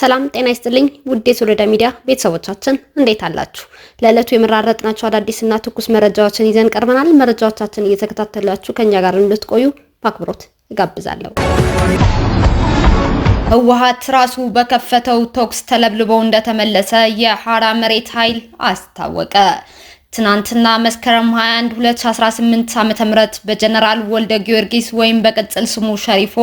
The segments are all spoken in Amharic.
ሰላም ጤና ይስጥልኝ ውዴ ሶሎዳ ሚዲያ ቤተሰቦቻችን እንዴት አላችሁ? ለዕለቱ የመራረጥናቸው አዳዲስና ትኩስ መረጃዎችን ይዘን ቀርበናል። መረጃዎቻችን እየተከታተላችሁ ከኛ ጋር እንድትቆዩ በአክብሮት እጋብዛለሁ። ህወሓት ራሱ በከፈተው ተኩስ ተለብልቦ እንደተመለሰ የሓራ መሬት ኃይል አስታወቀ። ትናንትና መስከረም 21 2018 ዓ.ም በጀነራል ወልደ ጊዮርጊስ ወይም በቅጽል ስሙ ሸሪፎ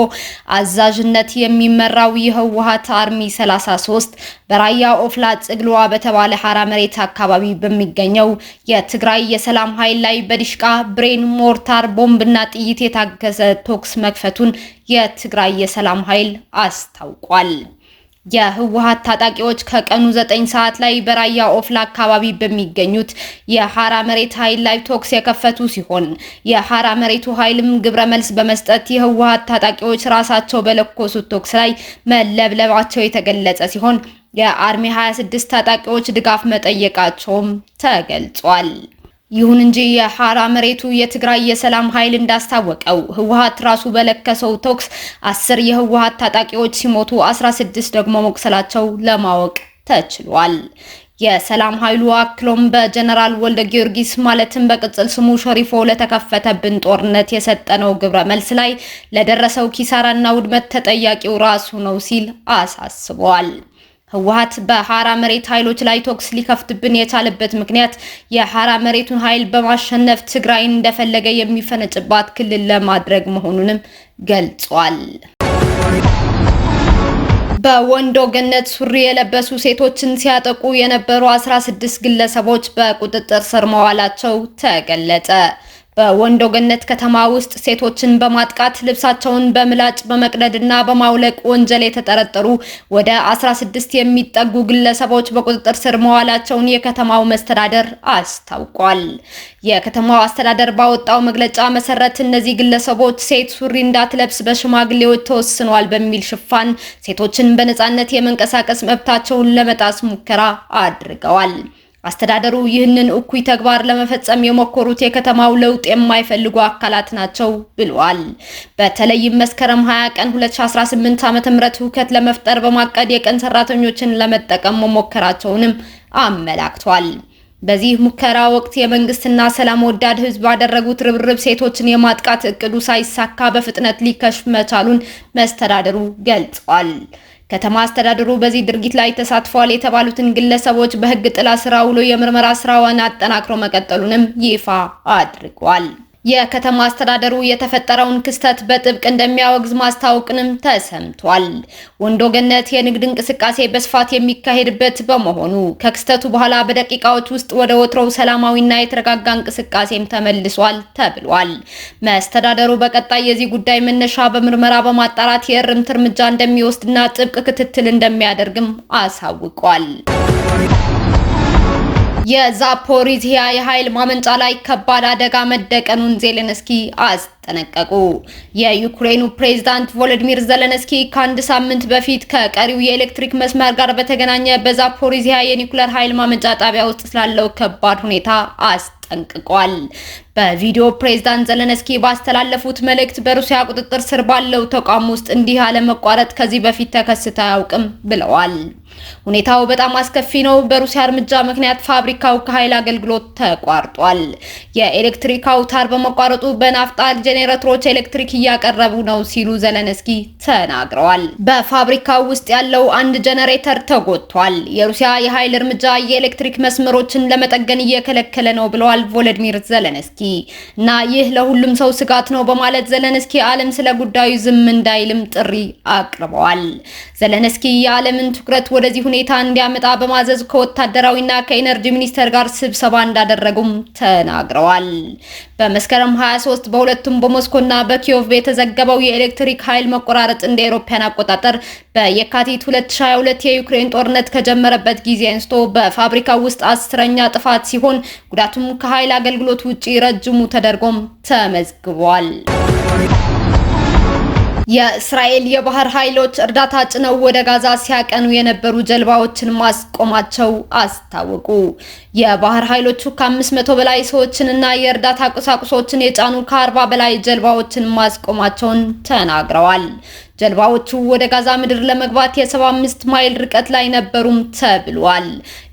አዛዥነት የሚመራው የህወሓት አርሚ 33 በራያ ኦፍላ ጽግልዋ በተባለ ሐራ መሬት አካባቢ በሚገኘው የትግራይ የሰላም ኃይል ላይ በዲሽቃ ብሬን፣ ሞርታር፣ ቦምብና ጥይት የታገዘ ቶክስ መክፈቱን የትግራይ የሰላም ኃይል አስታውቋል። የህወሀት ታጣቂዎች ከቀኑ ዘጠኝ ሰዓት ላይ በራያ ኦፍላ አካባቢ በሚገኙት የሀራ መሬት ኃይል ላይ ቶክስ የከፈቱ ሲሆን የሀራ መሬቱ ኃይልም ግብረ መልስ በመስጠት የህወሀት ታጣቂዎች ራሳቸው በለኮሱት ቶክስ ላይ መለብለባቸው የተገለጸ ሲሆን የአርሜ 26 ታጣቂዎች ድጋፍ መጠየቃቸውም ተገልጿል። ይሁን እንጂ የሐራ መሬቱ የትግራይ የሰላም ኃይል እንዳስታወቀው ህወሀት ራሱ በለከሰው ተኩስ አስር የህወሀት ታጣቂዎች ሲሞቱ 16 ደግሞ መቁሰላቸው ለማወቅ ተችሏል። የሰላም ኃይሉ አክሎም በጀነራል ወልደ ጊዮርጊስ ማለትም በቅጽል ስሙ ሸሪፎ ለተከፈተብን ጦርነት የሰጠነው ግብረ መልስ ላይ ለደረሰው ኪሳራና ውድመት ተጠያቂው ራሱ ነው ሲል አሳስበዋል። ህወሀት በሐራ መሬት ኃይሎች ላይ ተኩስ ሊከፍትብን የቻለበት ምክንያት የሐራ መሬቱን ኃይል በማሸነፍ ትግራይን እንደፈለገ የሚፈነጭባት ክልል ለማድረግ መሆኑንም ገልጿል። በወንዶ ገነት ሱሪ የለበሱ ሴቶችን ሲያጠቁ የነበሩ 16 ግለሰቦች በቁጥጥር ስር መዋላቸው ተገለጸ። በወንዶ ገነት ከተማ ውስጥ ሴቶችን በማጥቃት ልብሳቸውን በምላጭ በመቅደድና በማውለቅ ወንጀል የተጠረጠሩ ወደ 16 የሚጠጉ ግለሰቦች በቁጥጥር ስር መዋላቸውን የከተማው መስተዳደር አስታውቋል። የከተማው አስተዳደር ባወጣው መግለጫ መሰረት እነዚህ ግለሰቦች ሴት ሱሪ እንዳትለብስ በሽማግሌዎች ተወስኗል በሚል ሽፋን ሴቶችን በነጻነት የመንቀሳቀስ መብታቸውን ለመጣስ ሙከራ አድርገዋል። አስተዳደሩ ይህንን እኩይ ተግባር ለመፈጸም የሞከሩት የከተማው ለውጥ የማይፈልጉ አካላት ናቸው ብለዋል። በተለይም መስከረም 20 ቀን 2018 ዓ.ም ምረት ሁከት ለመፍጠር በማቀድ የቀን ሰራተኞችን ለመጠቀም መሞከራቸውንም አመላክቷል። በዚህ ሙከራ ወቅት የመንግስትና ሰላም ወዳድ ህዝብ ባደረጉት ርብርብ ሴቶችን የማጥቃት እቅዱ ሳይሳካ በፍጥነት ሊከሽፍ መቻሉን መስተዳደሩ ገልጿል። ከተማ አስተዳደሩ በዚህ ድርጊት ላይ ተሳትፏል የተባሉትን ግለሰቦች በህግ ጥላ ስር አውሎ የምርመራ ስራውን አጠናክሮ መቀጠሉንም ይፋ አድርጓል። የከተማ አስተዳደሩ የተፈጠረውን ክስተት በጥብቅ እንደሚያወግዝ ማስታወቅንም ተሰምቷል። ወንዶ ገነት የንግድ እንቅስቃሴ በስፋት የሚካሄድበት በመሆኑ ከክስተቱ በኋላ በደቂቃዎች ውስጥ ወደ ወትሮው ሰላማዊና የተረጋጋ እንቅስቃሴም ተመልሷል ተብሏል። መስተዳደሩ በቀጣይ የዚህ ጉዳይ መነሻ በምርመራ በማጣራት የእርምት እርምጃ እንደሚወስድና ጥብቅ ክትትል እንደሚያደርግም አሳውቋል። የዛፖሪዚያ የኃይል ማመንጫ ላይ ከባድ አደጋ መደቀኑን ዜሌንስኪ አስጠነቀቁ። የዩክሬኑ ፕሬዝዳንት ቮሎዲሚር ዘለንስኪ ከአንድ ሳምንት በፊት ከቀሪው የኤሌክትሪክ መስመር ጋር በተገናኘ በዛፖሪዚያ የኒኩለር ኃይል ማመንጫ ጣቢያ ውስጥ ስላለው ከባድ ሁኔታ አስጠንቅቋል። በቪዲዮ ፕሬዝዳንት ዘለንስኪ ባስተላለፉት መልእክት በሩሲያ ቁጥጥር ስር ባለው ተቋም ውስጥ እንዲህ ያለ መቋረጥ ከዚህ በፊት ተከስቶ አያውቅም ብለዋል። ሁኔታው በጣም አስከፊ ነው። በሩሲያ እርምጃ ምክንያት ፋብሪካው ከኃይል አገልግሎት ተቋርጧል። የኤሌክትሪክ አውታር በመቋረጡ በናፍጣል ጄኔሬተሮች ኤሌክትሪክ እያቀረቡ ነው ሲሉ ዘለንስኪ ተናግረዋል። በፋብሪካው ውስጥ ያለው አንድ ጄኔሬተር ተጎድቷል። የሩሲያ የኃይል እርምጃ የኤሌክትሪክ መስመሮችን ለመጠገን እየከለከለ ነው ብለዋል ቮሎዲሚር ዘለንስኪ እና ይህ ለሁሉም ሰው ስጋት ነው በማለት ዘለንስኪ ዓለም ስለ ጉዳዩ ዝም እንዳይልም ጥሪ አቅርበዋል። ዘለንስኪ የዓለምን ትኩረት ወደ ወደዚህ ሁኔታ እንዲያመጣ በማዘዝ ከወታደራዊና ከኢነርጂ ሚኒስቴር ጋር ስብሰባ እንዳደረጉም ተናግረዋል። በመስከረም 23 በሁለቱም በሞስኮና በኪዮቭ የተዘገበው የኤሌክትሪክ ኃይል መቆራረጥ እንደ አውሮፓውያን አቆጣጠር በየካቲት 2022 የዩክሬን ጦርነት ከጀመረበት ጊዜ አንስቶ በፋብሪካ ውስጥ አስረኛ ጥፋት ሲሆን ጉዳቱም ከኃይል አገልግሎት ውጪ ረጅሙ ተደርጎም ተመዝግቧል። የእስራኤል የባህር ኃይሎች እርዳታ ጭነው ወደ ጋዛ ሲያቀኑ የነበሩ ጀልባዎችን ማስቆማቸው አስታወቁ። የባህር ኃይሎቹ ከ500 በላይ ሰዎችንና የእርዳታ ቁሳቁሶችን የጫኑ ከ40 በላይ ጀልባዎችን ማስቆማቸውን ተናግረዋል። ጀልባዎቹ ወደ ጋዛ ምድር ለመግባት የ75 ማይል ርቀት ላይ ነበሩም ተብሏል።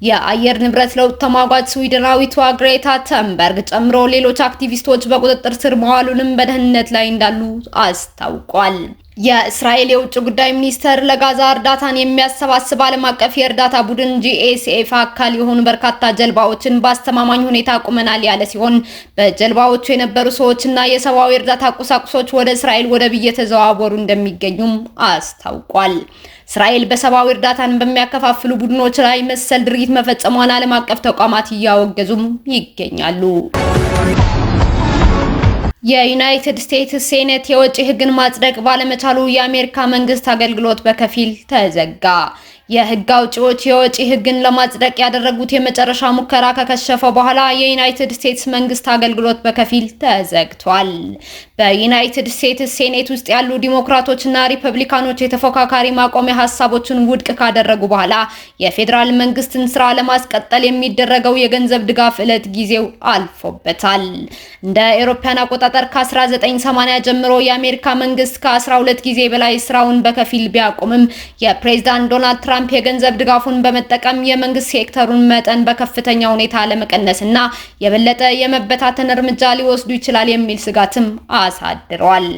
የአየር ንብረት ለውጥ ተሟጓጅ ስዊድናዊቷ ግሬታ ተንበርግ ጨምሮ ሌሎች አክቲቪስቶች በቁጥጥር ስር መዋሉንም በደህንነት ላይ እንዳሉ አስታውቋል። የእስራኤል የውጭ ጉዳይ ሚኒስተር ለጋዛ እርዳታን የሚያሰባስብ ዓለም አቀፍ የእርዳታ ቡድን ጂኤስኤፍ አካል የሆኑ በርካታ ጀልባዎችን በአስተማማኝ ሁኔታ አቁመናል ያለ ሲሆን በጀልባዎቹ የነበሩ ሰዎችና የሰብአዊ እርዳታ ቁሳቁሶች ወደ እስራኤል ወደብ እየተዘዋወሩ እንደሚገኙም አስታውቋል። እስራኤል በሰብአዊ እርዳታን በሚያከፋፍሉ ቡድኖች ላይ መሰል ድርጊት መፈጸሟን ዓለም አቀፍ ተቋማት እያወገዙም ይገኛሉ። የዩናይትድ ስቴትስ ሴኔት የወጪ ህግን ማጽደቅ ባለመቻሉ የአሜሪካ መንግስት አገልግሎት በከፊል ተዘጋ። የህግ አውጪዎች የወጪ ህግን ለማጽደቅ ያደረጉት የመጨረሻ ሙከራ ከከሸፈ በኋላ የዩናይትድ ስቴትስ መንግስት አገልግሎት በከፊል ተዘግቷል። በዩናይትድ ስቴትስ ሴኔት ውስጥ ያሉ ዲሞክራቶችና ሪፐብሊካኖች የተፎካካሪ ማቆሚያ ሀሳቦችን ውድቅ ካደረጉ በኋላ የፌዴራል መንግስትን ስራ ለማስቀጠል የሚደረገው የገንዘብ ድጋፍ ዕለት ጊዜው አልፎበታል። እንደ አውሮፓውያን አቆጣጠር አቆጣጠር ከ1980 ጀምሮ የአሜሪካ መንግስት ከ12 ጊዜ በላይ ስራውን በከፊል ቢያቆምም የፕሬዝዳንት ዶናልድ ትራምፕ የገንዘብ ድጋፉን በመጠቀም የመንግስት ሴክተሩን መጠን በከፍተኛ ሁኔታ ለመቀነስ እና የበለጠ የመበታተን እርምጃ ሊወስዱ ይችላል የሚል ስጋትም አሳድሯል።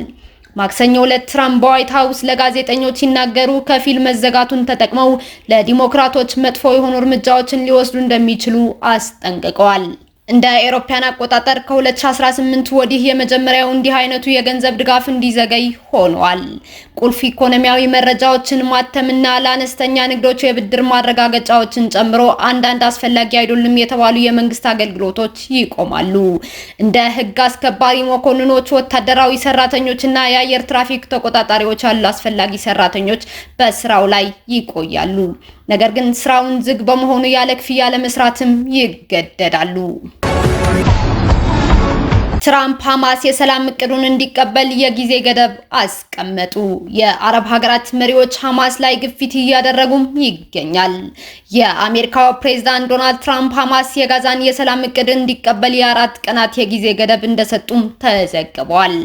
ማክሰኞ ዕለት ትራምፕ በዋይት ሀውስ ለጋዜጠኞች ሲናገሩ ከፊል መዘጋቱን ተጠቅመው ለዲሞክራቶች መጥፎ የሆኑ እርምጃዎችን ሊወስዱ እንደሚችሉ አስጠንቅቀዋል። እንደ አውሮፓውያን አቆጣጠር ከ2018 ወዲህ የመጀመሪያው እንዲህ አይነቱ የገንዘብ ድጋፍ እንዲዘገይ ሆኗል። ቁልፍ ኢኮኖሚያዊ መረጃዎችን ማተምና ለአነስተኛ ንግዶች የብድር ማረጋገጫዎችን ጨምሮ አንዳንድ አስፈላጊ አይደሉም የተባሉ የመንግስት አገልግሎቶች ይቆማሉ። እንደ ህግ አስከባሪ መኮንኖች፣ ወታደራዊ ሰራተኞችና የአየር ትራፊክ ተቆጣጣሪዎች ያሉ አስፈላጊ ሰራተኞች በስራው ላይ ይቆያሉ። ነገር ግን ስራውን ዝግ በመሆኑ ያለ ክፍያ ለመስራትም ይገደዳሉ። ትራምፕ ሐማስ የሰላም እቅዱን እንዲቀበል የጊዜ ገደብ አስቀመጡ። የአረብ ሀገራት መሪዎች ሐማስ ላይ ግፊት እያደረጉም ይገኛል። የአሜሪካው ፕሬዝዳንት ዶናልድ ትራምፕ ሐማስ የጋዛን የሰላም እቅድ እንዲቀበል የአራት ቀናት የጊዜ ገደብ እንደሰጡም ተዘግቧል።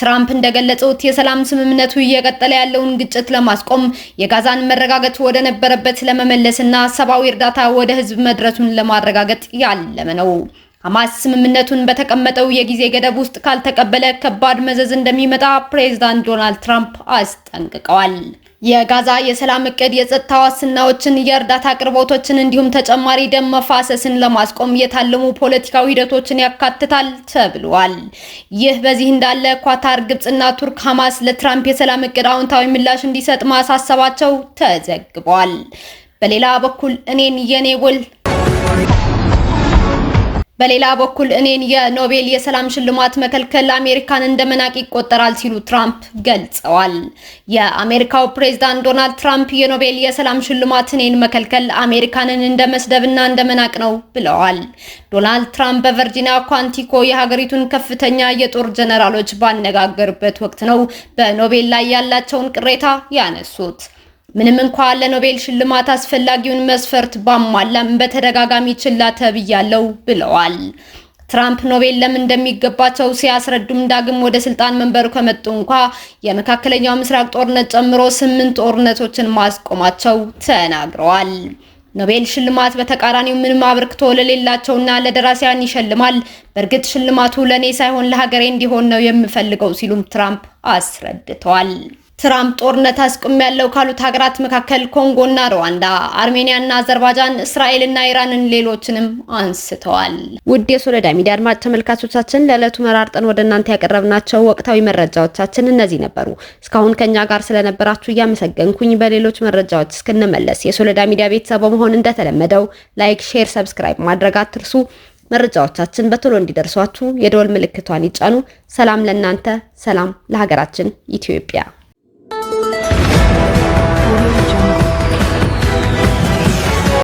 ትራምፕ እንደገለጹት የሰላም ስምምነቱ እየቀጠለ ያለውን ግጭት ለማስቆም የጋዛን መረጋገጥ ወደ ነበረበት ለመመለስና ሰብአዊ እርዳታ ወደ ህዝብ መድረሱን ለማረጋገጥ ያለመ ነው። ሐማስ ስምምነቱን በተቀመጠው የጊዜ ገደብ ውስጥ ካልተቀበለ ከባድ መዘዝ እንደሚመጣ ፕሬዝዳንት ዶናልድ ትራምፕ አስጠንቅቀዋል። የጋዛ የሰላም እቅድ የጸጥታ ዋስትናዎችን፣ የእርዳታ አቅርቦቶችን እንዲሁም ተጨማሪ ደም መፋሰስን ለማስቆም የታለሙ ፖለቲካዊ ሂደቶችን ያካትታል ተብሏል። ይህ በዚህ እንዳለ ኳታር፣ ግብጽና ቱርክ ሐማስ ለትራምፕ የሰላም እቅድ አዎንታዊ ምላሽ እንዲሰጥ ማሳሰባቸው ተዘግቧል። በሌላ በኩል እኔን የኔ ውል በሌላ በኩል እኔን የኖቤል የሰላም ሽልማት መከልከል አሜሪካን እንደመናቅ ይቆጠራል ሲሉ ትራምፕ ገልጸዋል። የአሜሪካው ፕሬዝዳንት ዶናልድ ትራምፕ የኖቤል የሰላም ሽልማት እኔን መከልከል አሜሪካንን እንደ መስደብና እንደ መናቅ ነው ብለዋል። ዶናልድ ትራምፕ በቨርጂኒያ ኳንቲኮ የሀገሪቱን ከፍተኛ የጦር ጀነራሎች ባነጋገሩበት ወቅት ነው በኖቤል ላይ ያላቸውን ቅሬታ ያነሱት። ምንም እንኳን ለኖቤል ሽልማት አስፈላጊውን መስፈርት ባሟላም በተደጋጋሚ ችላ ተብያለው ብለዋል። ትራምፕ ኖቤል ለምን እንደሚገባቸው ሲያስረዱም ዳግም ወደ ስልጣን መንበር ከመጡ እንኳ የመካከለኛው ምስራቅ ጦርነት ጨምሮ ስምንት ጦርነቶችን ማስቆማቸው ተናግረዋል። ኖቤል ሽልማት በተቃራኒው ምንም አበርክቶ ለሌላቸውና ለደራሲያን ይሸልማል። በእርግጥ ሽልማቱ ለእኔ ሳይሆን ለሀገሬ እንዲሆን ነው የምፈልገው ሲሉም ትራምፕ አስረድተዋል። ትራምፕ ጦርነት አስቁም ያለው ካሉት ሀገራት መካከል ኮንጎና ሩዋንዳ፣ አርሜኒያና አዘርባጃን እስራኤልና ኢራንን ሌሎችንም አንስተዋል። ውድ የሶለዳ ሚዲያ አድማጭ ተመልካቾቻችን ለዕለቱ መራርጠን ወደ እናንተ ያቀረብናቸው ወቅታዊ መረጃዎቻችን እነዚህ ነበሩ። እስካሁን ከኛ ጋር ስለነበራችሁ እያመሰገንኩኝ በሌሎች መረጃዎች እስክንመለስ የሶለዳ ሚዲያ ቤተሰብ በመሆን እንደተለመደው ላይክ፣ ሼር፣ ሰብስክራይብ ማድረግ አትርሱ። መረጃዎቻችን በቶሎ እንዲደርሷችሁ የደወል ምልክቷን ይጫኑ። ሰላም ለእናንተ፣ ሰላም ለሀገራችን ኢትዮጵያ።